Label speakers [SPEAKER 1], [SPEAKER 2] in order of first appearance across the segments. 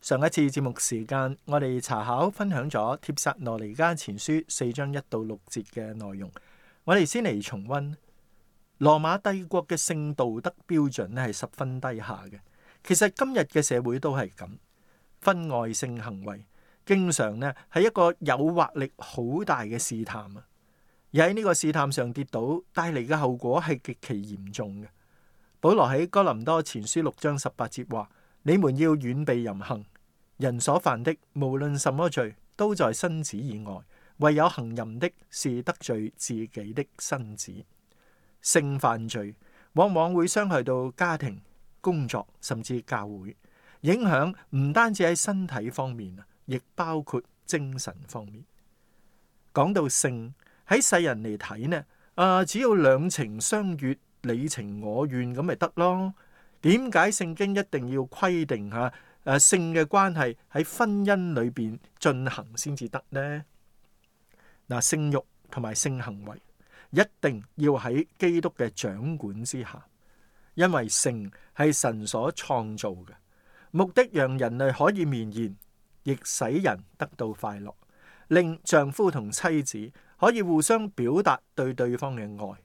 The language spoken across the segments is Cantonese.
[SPEAKER 1] 上一次節目時間，我哋查考分享咗《帖撒羅尼迦前書》四章一到六節嘅內容。我哋先嚟重溫羅馬帝國嘅性道德標準咧，係十分低下嘅。其實今日嘅社會都係咁，婚外性行為經常呢，係一個誘惑力好大嘅試探啊！而喺呢個試探上跌倒，帶嚟嘅後果係極其嚴重嘅。保羅喺哥林多前書六章十八節話：「你們要遠避淫行。」人所犯的無論什麼罪，都在身子以外；唯有行淫的是得罪自己的身子。性犯罪往往會傷害到家庭、工作，甚至教會，影響唔單止喺身體方面，亦包括精神方面。講到性，喺世人嚟睇呢，啊、呃、只要兩情相悅、你情我願咁咪得咯？點解聖經一定要規定吓？性嘅關係喺婚姻裏邊進行先至得呢。嗱，性欲同埋性行為一定要喺基督嘅掌管之下，因為性係神所創造嘅，目的讓人類可以綿延，亦使人得到快樂，令丈夫同妻子可以互相表達對對方嘅愛。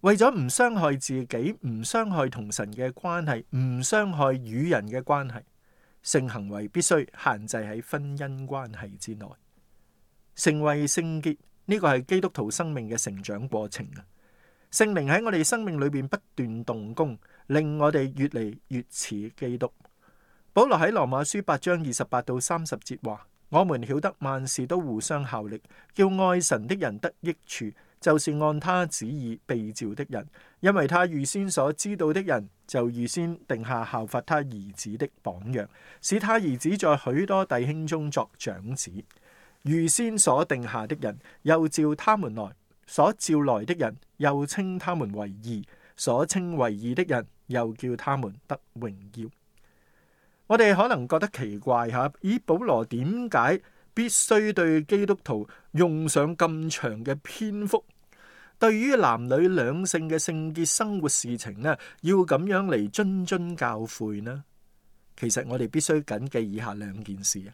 [SPEAKER 1] 為咗唔傷害自己，唔傷害同神嘅關係，唔傷害與人嘅關係。性行為必須限制喺婚姻關係之內，成為聖潔，呢個係基督徒生命嘅成長過程啊！聖靈喺我哋生命裏邊不斷動工，令我哋越嚟越似基督。保羅喺羅馬書八章二十八到三十節話：「我們曉得萬事都互相效力，叫愛神的人得益處。就是按他旨意被召的人，因為他預先所知道的人，就預先定下效法他兒子的榜樣，使他兒子在許多弟兄中作長子。預先所定下的人，又召他們來；所召來的人，又稱他們為義，所稱為義的人，又叫他們得榮耀。我哋可能覺得奇怪吓，以保羅點解必須對基督徒用上咁長嘅篇幅？對於男女兩性嘅聖潔生活事情呢，要咁樣嚟諄諄教誨呢？其實我哋必須謹記以下兩件事啊。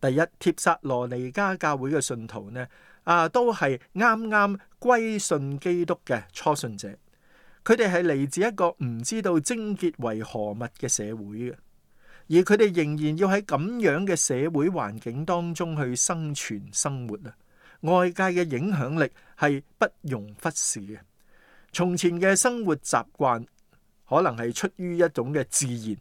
[SPEAKER 1] 第一，帖撒羅尼迦教會嘅信徒呢，啊，都係啱啱歸信基督嘅初信者，佢哋係嚟自一個唔知道貞潔為何物嘅社會嘅，而佢哋仍然要喺咁樣嘅社會環境當中去生存生活啊。外界嘅影響力係不容忽視嘅。從前嘅生活習慣可能係出於一種嘅自然，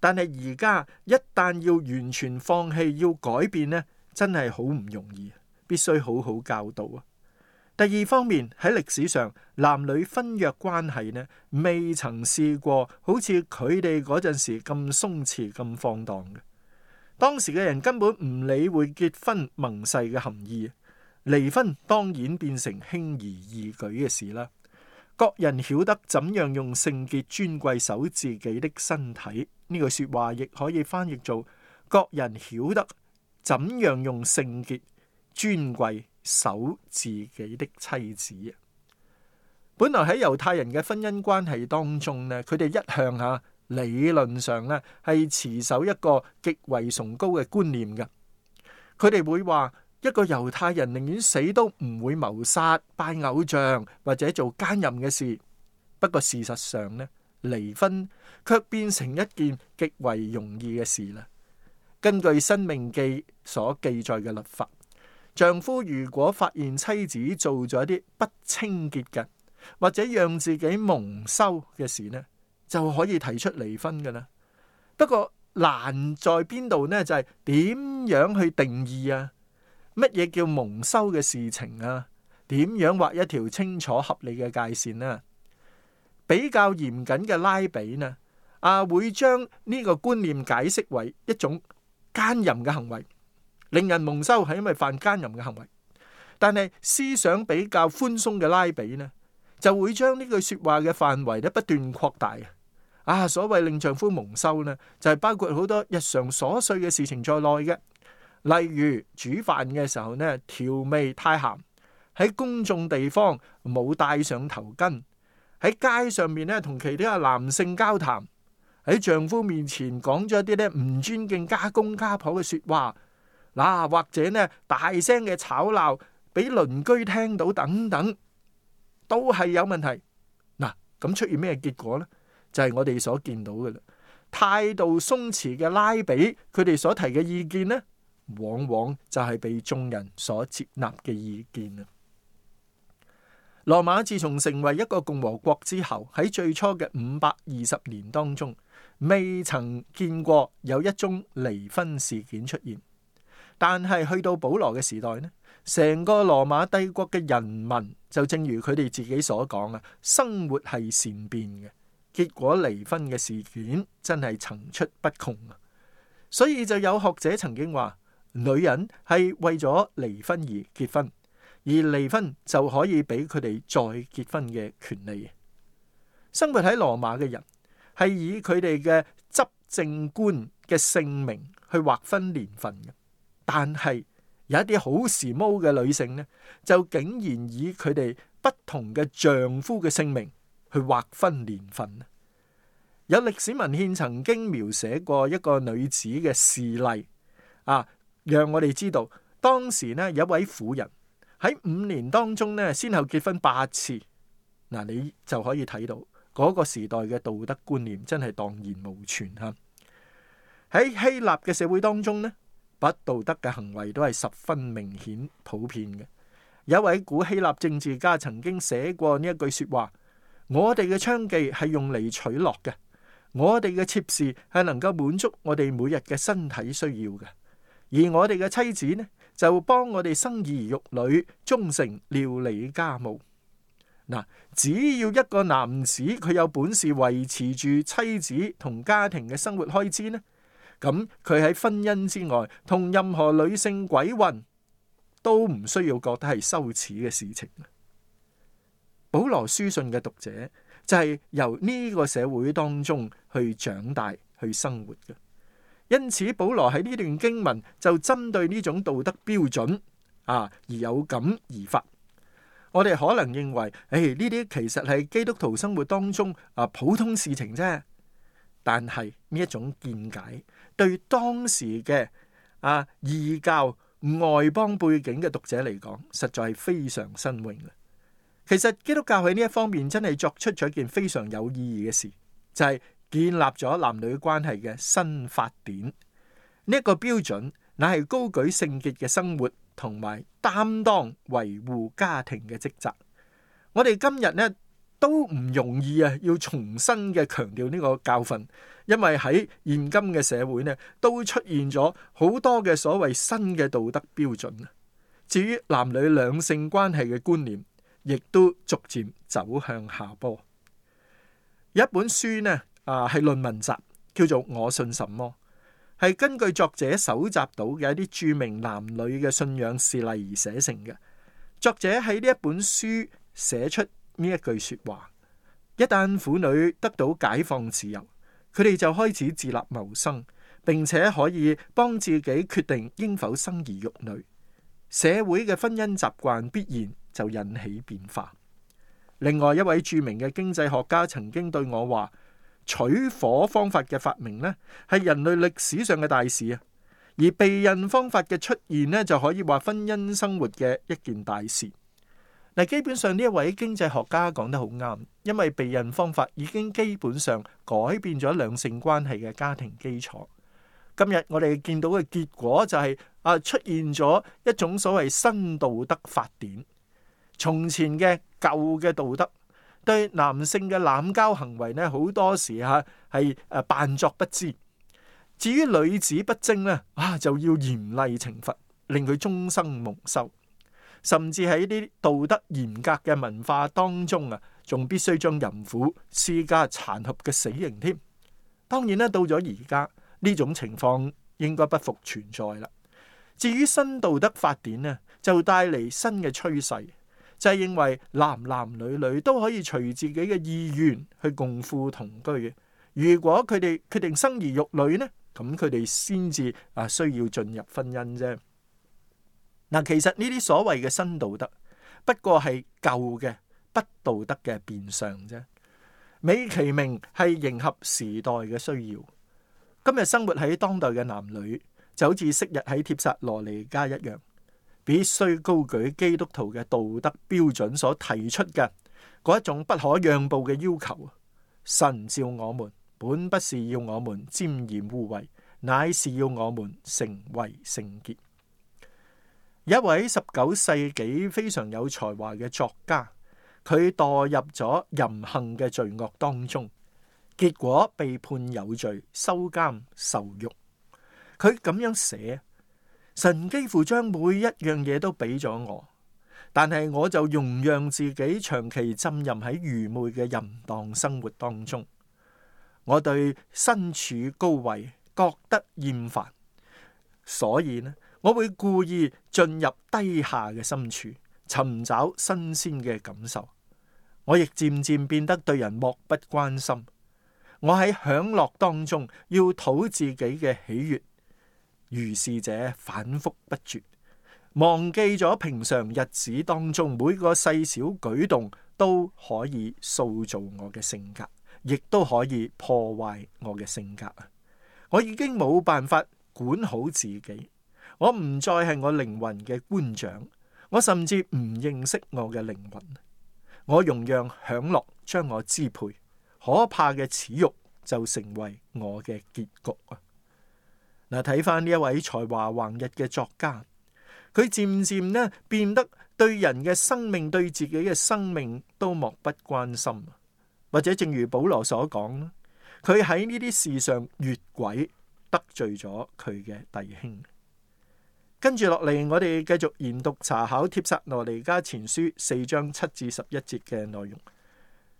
[SPEAKER 1] 但係而家一旦要完全放棄要改變呢，真係好唔容易，必須好好教導啊。第二方面喺歷史上，男女婚約關係呢，未曾試過好似佢哋嗰陣時咁鬆弛、咁放蕩嘅。當時嘅人根本唔理會結婚盟誓嘅含義。離婚當然變成輕而易舉嘅事啦。各人曉得怎樣用聖潔尊貴守自己的身體，呢句說話亦可以翻譯做各人曉得怎樣用聖潔尊貴守自己的妻子。本來喺猶太人嘅婚姻關係當中呢，佢哋一向吓，理論上呢係持守一個極為崇高嘅觀念嘅，佢哋會話。一個猶太人寧願死都唔會謀殺、拜偶像或者做奸淫嘅事。不過事實上呢，離婚卻變成一件極為容易嘅事啦。根據《申命記》所記載嘅律法，丈夫如果發現妻子做咗一啲不清潔嘅或者讓自己蒙羞嘅事呢，就可以提出離婚噶啦。不過難在邊度呢？就係點樣去定義啊？乜嘢叫蒙羞嘅事情啊？點樣畫一條清楚合理嘅界線呢、啊？比較嚴謹嘅拉比呢，啊，會將呢個觀念解釋為一種奸淫嘅行為，令人蒙羞係因為犯奸淫嘅行為。但係思想比較寬鬆嘅拉比呢，就會將呢句說話嘅範圍咧不斷擴大啊！所謂令丈夫蒙羞呢，就係包括好多日常瑣碎嘅事情在內嘅。例如煮飯嘅時候咧，調味太鹹；喺公眾地方冇戴上頭巾；喺街上面咧同其他男性交談；喺丈夫面前講咗一啲咧唔尊敬家公家婆嘅說話。嗱，啊，或者咧大聲嘅吵鬧，俾鄰居聽到等等，都係有問題。嗱，啊，咁出現咩結果呢？就係我哋所見到嘅啦。態度鬆弛嘅拉比，佢哋所提嘅意見呢。往往就係被眾人所接納嘅意見啊。羅馬自從成為一個共和國之後，喺最初嘅五百二十年當中，未曾見過有一宗離婚事件出現。但係去到保羅嘅時代呢，成個羅馬帝國嘅人民就正如佢哋自己所講啊，生活係善變嘅，結果離婚嘅事件真係層出不窮啊。所以就有學者曾經話。女人係為咗離婚而結婚，而離婚就可以俾佢哋再結婚嘅權利。生活喺羅馬嘅人係以佢哋嘅執政官嘅姓名去劃分年份嘅，但係有一啲好時髦嘅女性呢，就竟然以佢哋不同嘅丈夫嘅姓名去劃分年份。有歷史文獻曾經描寫過一個女子嘅事例，啊！讓我哋知道當時咧，有一位婦人喺五年當中咧先後結婚八次。嗱、啊，你就可以睇到嗰、那個時代嘅道德觀念真係蕩然無存啊！喺希臘嘅社會當中咧，不道德嘅行為都係十分明顯、普遍嘅。有一位古希臘政治家曾經寫過呢一句說話：我哋嘅娼妓係用嚟取樂嘅，我哋嘅妾侍係能夠滿足我哋每日嘅身體需要嘅。而我哋嘅妻子呢，就幫我哋生兒育女、忠誠料理家務。嗱，只要一個男子佢有本事維持住妻子同家庭嘅生活開支呢，咁佢喺婚姻之外同任何女性鬼混，都唔需要覺得係羞恥嘅事情。保羅書信嘅讀者就係由呢個社會當中去長大去生活嘅。因此，保羅喺呢段經文就針對呢種道德標準啊而有感而發。我哋可能認為，誒，呢啲其實係基督徒生活當中啊普通事情啫。但係呢一種見解，對當時嘅啊異教外邦背景嘅讀者嚟講，實在係非常新穎嘅。其實基督教喺呢一方面真係作出咗一件非常有意義嘅事，就係。建立咗男女關係嘅新法典呢個標準，乃係高舉聖潔嘅生活，同埋擔當維護家庭嘅職責。我哋今日呢都唔容易啊，要重新嘅強調呢個教訓，因為喺現今嘅社會呢，都出現咗好多嘅所謂新嘅道德標準。至於男女兩性關係嘅觀念，亦都逐漸走向下坡。一本書呢？啊，係論文集，叫做《我信什麼》，係根據作者搜集到嘅一啲著名男女嘅信仰事例而寫成嘅。作者喺呢一本書寫出呢一句說話，一旦婦女得到解放自由，佢哋就開始自立謀生，並且可以幫自己決定應否生兒育女，社會嘅婚姻習慣必然就引起變化。另外一位著名嘅經濟學家曾經對我話：取火方法嘅發明呢，係人類歷史上嘅大事啊！而避孕方法嘅出現呢，就可以話婚姻生活嘅一件大事。嗱，基本上呢一位經濟學家講得好啱，因為避孕方法已經基本上改變咗兩性關係嘅家庭基礎。今日我哋見到嘅結果就係啊，出現咗一種所謂新道德法典，從前嘅舊嘅道德。對男性嘅濫交行為咧，好多時吓係誒扮作不知。至於女子不貞咧，啊就要嚴厲懲罰，令佢終生蒙羞。甚至喺啲道德嚴格嘅文化當中啊，仲必須將淫婦施加殘酷嘅死刑添。當然咧，到咗而家呢種情況應該不復存在啦。至於新道德法典咧，就帶嚟新嘅趨勢。就係認為男男女女都可以隨自己嘅意願去共赴同居嘅。如果佢哋決定生兒育女呢，咁佢哋先至啊需要進入婚姻啫。嗱，其實呢啲所謂嘅新道德不過係舊嘅不道德嘅變相啫。美其名係迎合時代嘅需要。今日生活喺當代嘅男女就好似昔日喺帖撒羅尼迦一樣。必須高舉基督徒嘅道德標準所提出嘅嗰一種不可讓步嘅要求。神召我們，本不是要我們沾染污穢，乃是要我們成為聖潔。一位十九世紀非常有才華嘅作家，佢墮入咗淫行嘅罪惡當中，結果被判有罪，收監受辱。佢咁樣寫。神幾乎將每一樣嘢都俾咗我，但係我就容讓自己長期浸淫喺愚昧嘅淫蕩生活當中。我對身處高位覺得厭煩，所以呢，我會故意進入低下嘅深處，尋找新鮮嘅感受。我亦漸漸變得對人漠不關心。我喺享樂當中要討自己嘅喜悅。如是者，反復不絕，忘記咗平常日子當中每個細小舉動都可以塑造我嘅性格，亦都可以破壞我嘅性格啊！我已經冇辦法管好自己，我唔再係我靈魂嘅官長，我甚至唔認識我嘅靈魂，我容讓享樂將我支配，可怕嘅恥辱就成為我嘅結局。嗱，睇翻呢一位才華橫溢嘅作家，佢漸漸咧變得對人嘅生命、對自己嘅生命都漠不關心，或者正如保羅所講，佢喺呢啲事上越軌得罪咗佢嘅弟兄。跟住落嚟，我哋繼續研讀查考帖撒羅尼迦前書四章七至十一節嘅內容。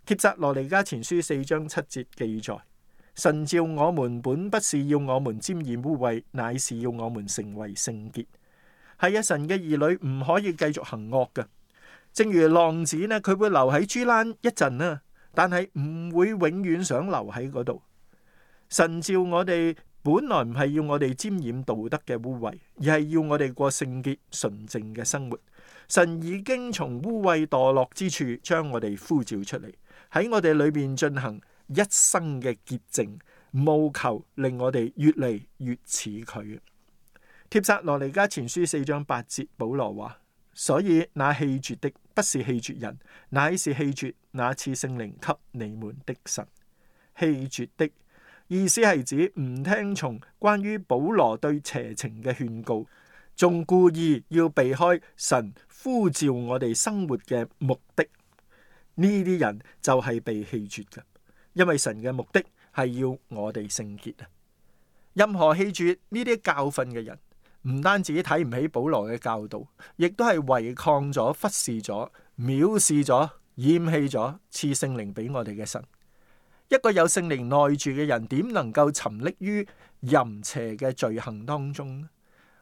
[SPEAKER 1] 帖撒羅尼迦前書四章七節記載。神召我們本不是要我們沾染污穢，乃是要我們成為聖潔。係啊，神嘅兒女唔可以繼續行惡㗎。正如浪子呢，佢會留喺豬欄一陣呀，但係唔會永遠想留喺嗰度。神召我哋本來唔係要我哋沾染道德嘅污穢，而係要我哋過聖潔、純正嘅生活。神已經從污穢墮落之處將我哋呼召出嚟，喺我哋裏邊進行一生嘅潔淨，務求令我哋越嚟越似佢。帖撒羅尼加前書四章八節，保羅話：所以那棄絕的，不是棄絕人，乃是棄絕那賜聖靈給你們的神。棄絕的意思係指唔聽從關於保羅對邪情嘅勸告，仲故意要避開神呼召我哋生活嘅目的。呢啲人就係被棄絕嘅。因為神嘅目的係要我哋聖潔。任何棄住呢啲教訓嘅人，唔單止睇唔起保羅嘅教導，亦都係違抗咗、忽視咗、藐視咗、厭棄咗賜聖靈俾我哋嘅神。一個有聖靈內住嘅人，點能夠沉溺於淫邪嘅罪行當中呢？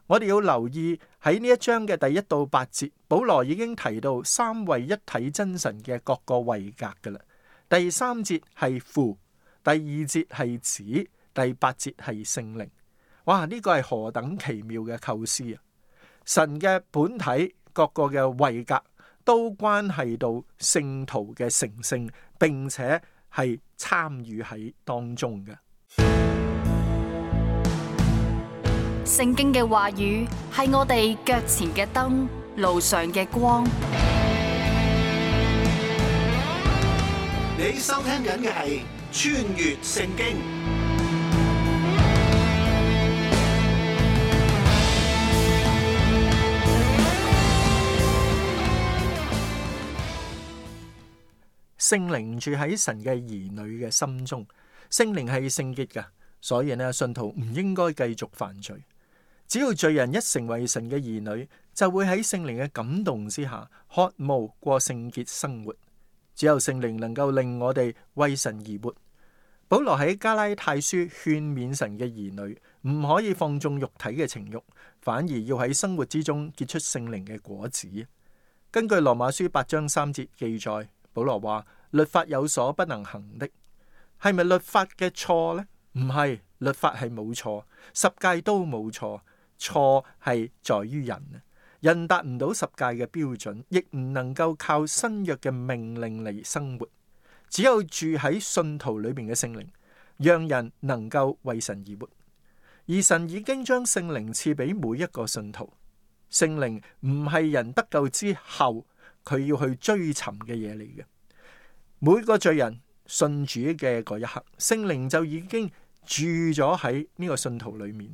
[SPEAKER 1] 我哋要留意喺呢一章嘅第一到八節，保羅已經提到三位一體真神嘅各個位格噶啦。第三節係父，第二節係子，第八節係聖靈。哇！呢、這個係何等奇妙嘅構思啊！神嘅本體各個嘅位格都關係到聖徒嘅成聖，並且係參與喺當中嘅。聖經嘅話語係我哋腳前嘅燈，路上嘅光。你收聽緊嘅係穿越聖經，聖靈住喺神嘅兒女嘅心中，聖靈係聖潔㗎，所以呢，信徒唔應該繼續犯罪。只要罪人一成為神嘅兒女，就會喺聖靈嘅感動之下，渴慕過聖潔生活。只有聖靈能夠令我哋為神而活。保羅喺加拉太書勸勉神嘅兒女唔可以放縱肉體嘅情欲，反而要喺生活之中結出聖靈嘅果子。根據羅馬書八章三節記載，保羅話律法有所不能行的，係咪律法嘅錯呢？唔係，律法係冇錯，十誡都冇錯，錯係在於人。人達唔到十誡嘅標準，亦唔能夠靠新約嘅命令嚟生活。只有住喺信徒裏面嘅聖靈，讓人能夠為神而活。而神已經將聖靈賜俾每一個信徒。聖靈唔係人得救之後，佢要去追尋嘅嘢嚟嘅。每個罪人信主嘅嗰一刻，聖靈就已經住咗喺呢個信徒裏面。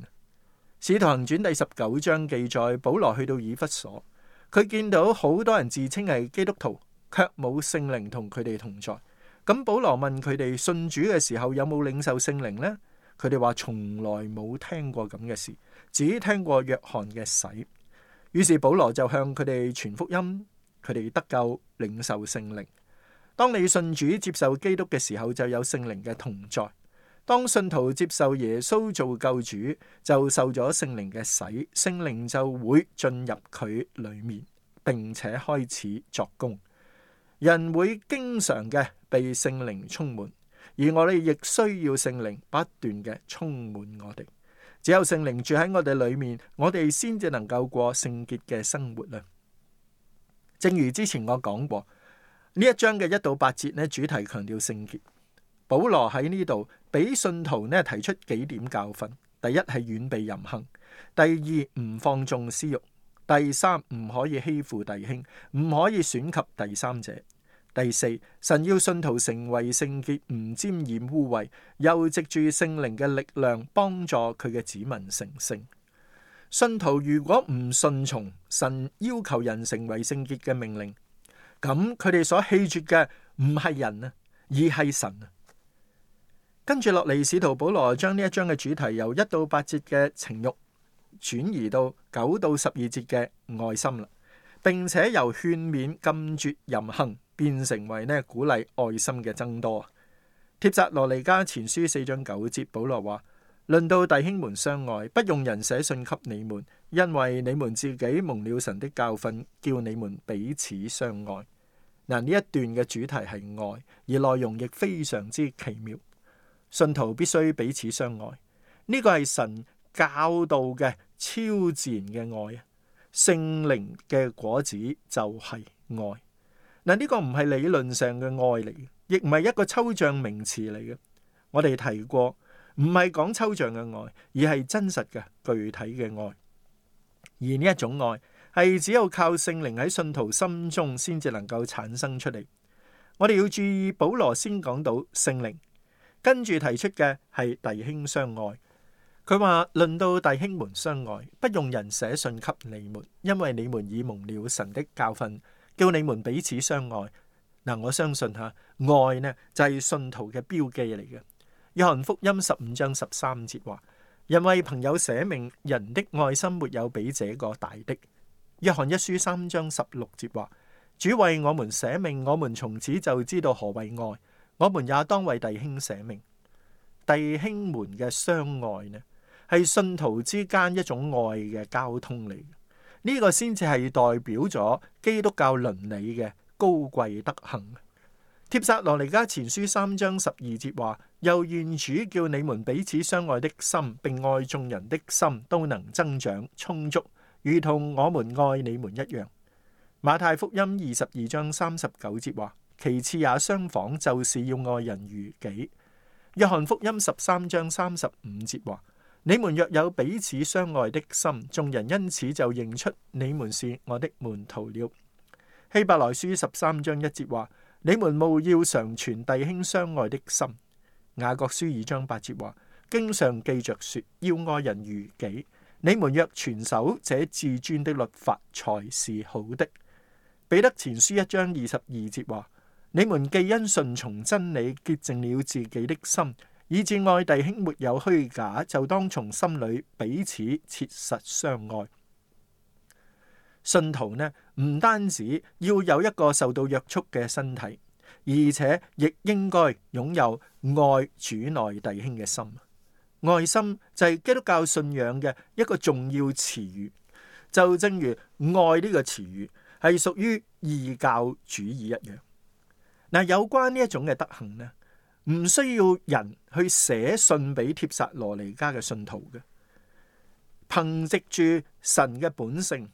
[SPEAKER 1] 使徒行傳第十九章記載，保羅去到以弗所，佢見到好多人自稱係基督徒，卻冇聖靈同佢哋同在。咁保羅問佢哋信主嘅時候有冇領受聖靈呢？佢哋話從來冇聽過咁嘅事，只聽過約翰嘅洗。於是保羅就向佢哋傳福音，佢哋得救領受聖靈。當你信主接受基督嘅時候，就有聖靈嘅同在。當信徒接受耶穌做救主，就受咗聖靈嘅洗，聖靈就會進入佢裏面，並且開始作工。人會經常嘅被聖靈充滿，而我哋亦需要聖靈不斷嘅充滿我哋。只有聖靈住喺我哋裏面，我哋先至能夠過聖潔嘅生活啦。正如之前我講過，呢一章嘅一到八節呢，主題強調聖潔。保羅喺呢度俾信徒呢提出幾點教訓：第一係遠避淫行；第二唔放縱私慾；第三唔可以欺負弟兄，唔可以損及第三者；第四神要信徒成為聖潔，唔沾染污穢，又藉住聖靈嘅力量幫助佢嘅子民成聖。信徒如果唔順從神要求人成為聖潔嘅命令，咁佢哋所棄絕嘅唔係人啊，而係神。跟住落嚟，使徒保羅將呢一章嘅主題由一到八節嘅情欲轉移到九到十二節嘅愛心啦，並且由勸勉禁絕淫行變成為呢鼓勵愛心嘅增多。帖撒羅尼迦前書四章九節，保羅話：論到弟兄們相愛，不用人寫信給你們，因為你們自己蒙了神的教訓，叫你們彼此相愛。嗱，呢一段嘅主題係愛，而內容亦非常之奇妙。信徒必須彼此相愛，呢個係神教導嘅超自然嘅愛啊！聖靈嘅果子就係愛，嗱、這、呢個唔係理論上嘅愛嚟，亦唔係一個抽象名詞嚟嘅。我哋提過，唔係講抽象嘅愛，而係真實嘅具體嘅愛。而呢一種愛係只有靠聖靈喺信徒心中先至能夠產生出嚟。我哋要注意保羅，保羅先講到聖靈。跟住提出嘅係弟兄相愛。佢話，論到弟兄們相愛，不用人寫信給你們，因為你們已蒙了神的教訓，叫你們彼此相愛。嗱，我相信吓愛呢就係信徒嘅標記嚟嘅。約翰福音十五章十三節話：人為朋友捨命，人的愛心沒有比這個大的。約翰一書三章十六節話：主為我們捨命，我們從此就知道何為愛。我們也當為弟兄捨命，弟兄們嘅相愛呢，係信徒之間一種愛嘅交通嚟。呢個先至係代表咗基督教倫理嘅高貴德行。帖撒羅尼迦前書三章十二節話：又願主叫你們彼此相愛的心，並愛眾人的心都能增長充足，如同我們愛你們一樣。馬太福音二十二章三十九節話。其次也相仿，就是要愛人如己。約翰福音十三章三十五節話：你們若有彼此相愛的心，眾人因此就認出你們是我的門徒了。希伯來書十三章一節話：你們務要常存弟兄相愛的心。雅各書二章八節話：經常記着說，要愛人如己。你們若全守這至尊的律法，才是好的。彼得前書一章二十二節話。你們既因順從真理潔淨了自己的心，以致愛弟兄沒有虛假，就當從心裏彼此切實相愛。信徒呢，唔單止要有一個受到約束嘅身體，而且亦應該擁有愛主內弟兄嘅心。愛心就係基督教信仰嘅一個重要詞語，就正如愛呢個詞語係屬於異教主義一樣。嗱，有關呢一種嘅德行呢，唔需要人去寫信俾帖撒羅尼迦嘅信徒嘅，憑借住神嘅本性、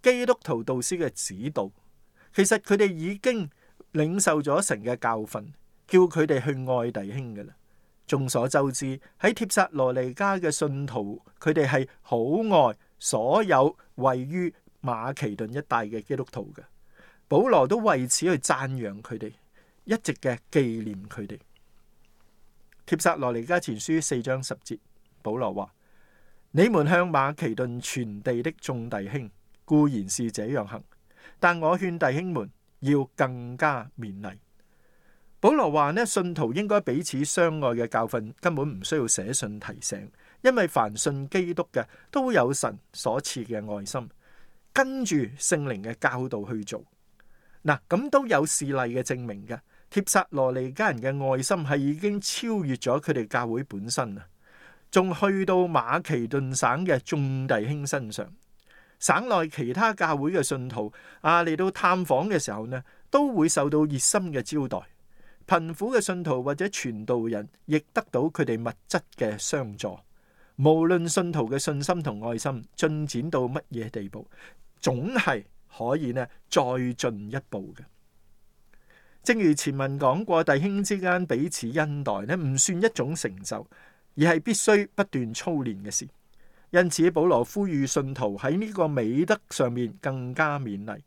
[SPEAKER 1] 基督徒導師嘅指導，其實佢哋已經領受咗神嘅教訓，叫佢哋去愛弟兄㗎喇。眾所周知，喺帖撒羅尼迦嘅信徒，佢哋係好愛所有位於馬其頓一帶嘅基督徒嘅。保羅都為此去讚揚佢哋。一直嘅紀念佢哋。帖撒羅尼迦前書四章十節，保羅話：你們向馬其頓全地的眾弟兄，固然是這樣行，但我勸弟兄們要更加勉勵。保羅話呢，信徒應該彼此相愛嘅教訓根本唔需要寫信提醒，因為凡信基督嘅都有神所賜嘅愛心，跟住聖靈嘅教導去做。嗱，咁都有事例嘅證明嘅。帖撒羅尼迦人嘅愛心係已經超越咗佢哋教會本身啦，仲去到馬其頓省嘅眾弟兄身上，省內其他教會嘅信徒啊，嚟到探訪嘅時候呢，都會受到熱心嘅招待。貧苦嘅信徒或者傳道人亦得到佢哋物質嘅相助。無論信徒嘅信心同愛心進展到乜嘢地步，總係可以呢再進一步嘅。正如前文講過，弟兄之間彼此恩待呢，唔算一種成就，而係必須不斷操練嘅事。因此，保羅呼籲信徒喺呢個美德上面更加勉勵。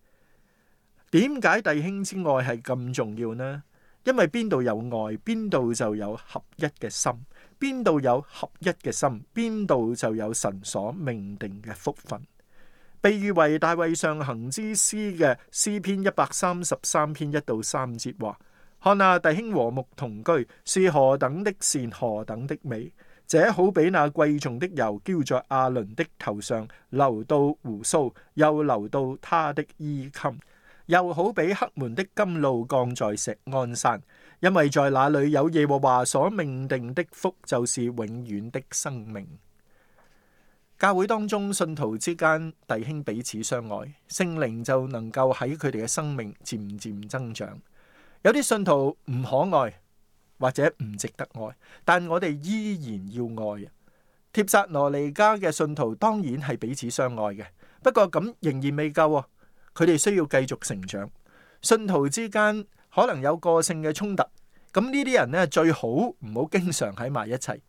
[SPEAKER 1] 點解弟兄之愛係咁重要呢？因為邊度有愛，邊度就有合一嘅心；邊度有合一嘅心，邊度就有神所命定嘅福分。被譽為大衛上行之詩嘅詩篇一百三十三篇一到三節話：看那弟兄和睦同居是何等的善，何等的美，這好比那貴重的油澆在亞倫的頭上流到鬍鬚，又流到他的衣襟，又好比黑門的甘露降在錫安山，因為在那裏有耶和華所命定的福，就是永遠的生命。教會當中信徒之間弟兄彼此相愛，聖靈就能夠喺佢哋嘅生命漸漸增長。有啲信徒唔可愛或者唔值得愛，但我哋依然要愛。帖撒羅尼迦嘅信徒當然係彼此相愛嘅，不過咁仍然未夠啊！佢哋需要繼續成長。信徒之間可能有個性嘅衝突，咁呢啲人呢最好唔好經常喺埋一齊。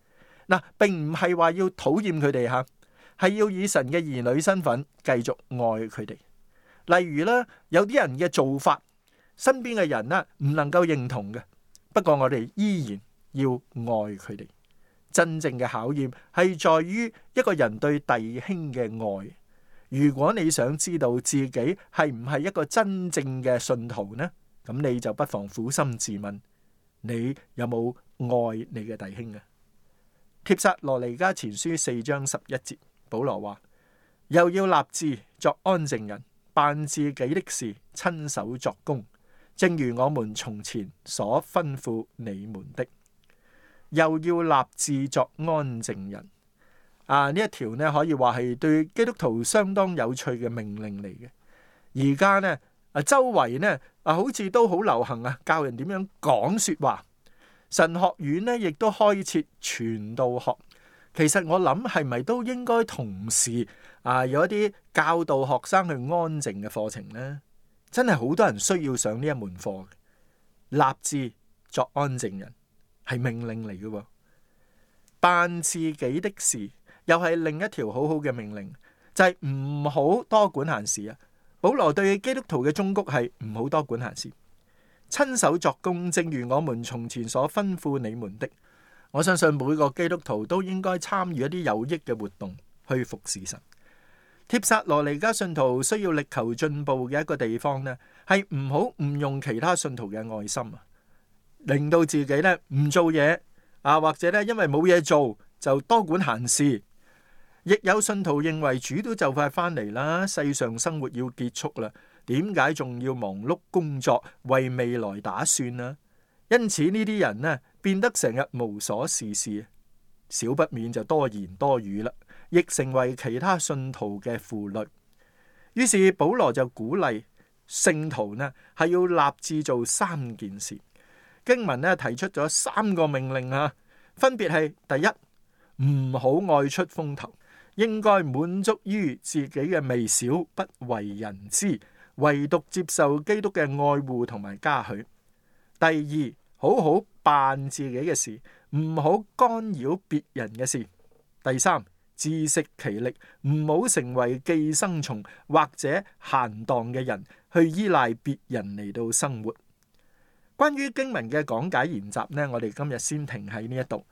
[SPEAKER 1] 嗱，並唔係話要討厭佢哋吓。係要以神嘅兒女身份繼續愛佢哋。例如咧，有啲人嘅做法，身邊嘅人呢唔能夠認同嘅。不過我哋依然要愛佢哋。真正嘅考驗係在於一個人對弟兄嘅愛。如果你想知道自己係唔係一個真正嘅信徒呢？咁你就不妨苦心自問，你有冇愛你嘅弟兄啊？帖撒羅尼迦前書四章十一節。保羅話：又要立志作安靜人，辦自己的事，親手作工，正如我們從前所吩咐你們的。又要立志作安靜人。啊，呢一條呢，可以話係對基督徒相當有趣嘅命令嚟嘅。而家呢，啊，周圍呢，啊，好似都好流行啊，教人點樣講說話。神學院呢亦都開設傳道學。其實我諗係咪都應該同時啊有一啲教導學生去安靜嘅課程呢？真係好多人需要上呢一門課。立志作安靜人係命令嚟嘅，辦自己的事又係另一條好好嘅命令，就係唔好多管閒事啊！保羅對基督徒嘅忠告係唔好多管閒事，親手作工，正如我們從前所吩咐你們的。我相信每個基督徒都應該參與一啲有益嘅活動，去服侍神。帖撒羅尼迦信徒需要力求進步嘅一個地方呢，係唔好誤用其他信徒嘅愛心啊，令到自己呢唔做嘢啊，或者呢因為冇嘢做就多管閒事。亦有信徒認為主都就快翻嚟啦，世上生活要結束啦，點解仲要忙碌工作為未來打算呢？因此呢啲人呢，變得成日無所事事，少不免就多言多語啦，亦成為其他信徒嘅負累。於是保羅就鼓勵聖徒呢，係要立志做三件事。經文呢提出咗三個命令啊，分別係第一，唔好愛出風頭，應該滿足於自己嘅微小，不為人知，唯獨接受基督嘅愛護同埋嘉許。第二，好好辦自己嘅事，唔好干擾別人嘅事。第三，自食其力，唔好成為寄生蟲或者閒蕩嘅人，去依賴別人嚟到生活。關於經文嘅講解研習呢，我哋今日先停喺呢一度。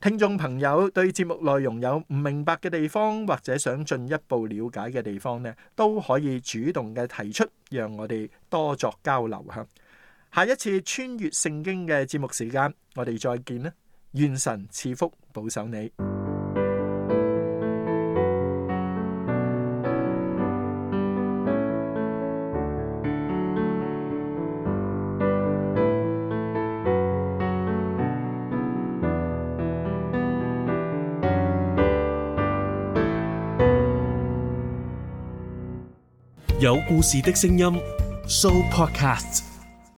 [SPEAKER 1] 聽眾朋友對節目內容有唔明白嘅地方，或者想進一步了解嘅地方呢，都可以主動嘅提出，讓我哋多作交流吓。下一次穿越聖經嘅節目時間，我哋再見啦！願神賜福保守你。有故事的聲音，Sooo Podcast。